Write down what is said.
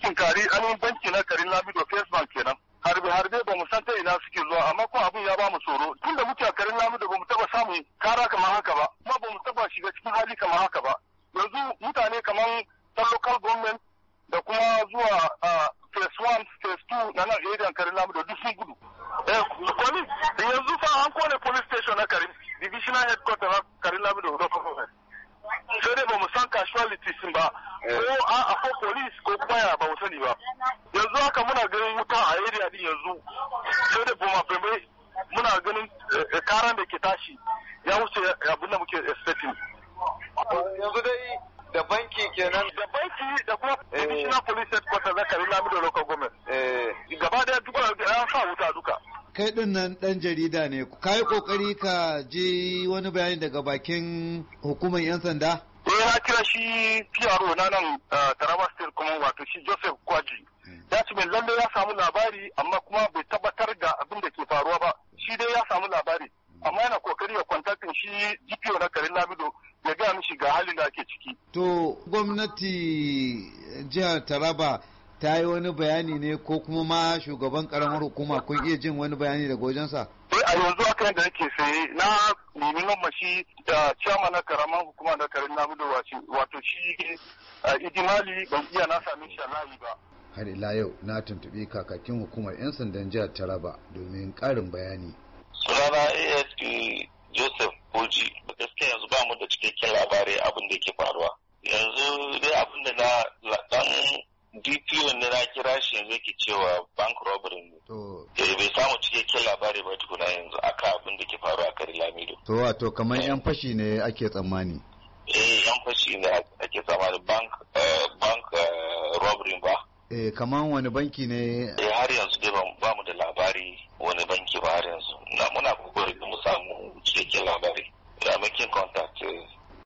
kari an yi banki na karin lamido first bank kenan harbe harbe ba mu san ta ina suke zuwa amma kuma abin ya ba mu tsoro tun da muke a karin lamido ba mu taba samu kara kamar haka ba kuma ba mu taba shiga cikin hali kamar haka ba yanzu mutane kamar ta local government da kuma zuwa phase one phase two na nan area karin lamido duk sun gudu eh yanzu fa an kone police station na karin divisional headquarter na karin lamido sai dai ba mu san casualties ba ko a ko police ko fire ba sani ba yanzu haka muna ganin wuta a area din yanzu sai da boma feme muna ganin eh, eh, karan da ke tashi ya wuce abin da muke expecting yanzu dai da banki kenan da banki da kuma national police headquarters na Kaduna da Local Government eh. gaba daya duk ya sa wuta duka kai din nan dan jarida ne kai kokari ka je wani bayani daga bakin hukumar yan sanda eh na kira shi PRO na nan eh, Taraba State kuma wato shi Joseph Kwaji hmm. ya ce mai lalle ya samu labari amma kuma bai tabbatar da abin da ke faruwa ba shi dai ya samu labari hmm. amma yana kokari ya kwantaktin shi GPO na Karin Lamido ya gaya mishi ga halin da ake ciki to gwamnati eh, jihar Taraba ta yi wani bayani ne ko kuma ma shugaban karamar hukuma kun iya jin wani bayani daga wajensa? Eh, a yanzu a kan da yake sai na nemi mashi da ciyama na karamar hukuma da karin na wato shi eh, idimali ban iya na sami shalayi ba. Har ila yau na tuntuɓi kakakin hukumar 'yan sandan jihar Taraba domin karin bayani. Sunana ASP Joseph Boji gaskiya yanzu ba mu da cikakken labarai abin da ke faruwa. Yanzu dai abin da na dp ne na kira shi yanzu yake cewa bank robbery ne. To. Eh, bai samu cikakken labari ba tukuna yanzu aka abin da ke faru a kari Lamido. To wato kamar yan fashi ne ake tsammani. Eh yan fashi ne ake tsammani bank eh, bank eh, robbery ba. Eh kamar wani banki ne. Eh har yanzu dai ba mu da labari wani banki ba har yanzu. Na muna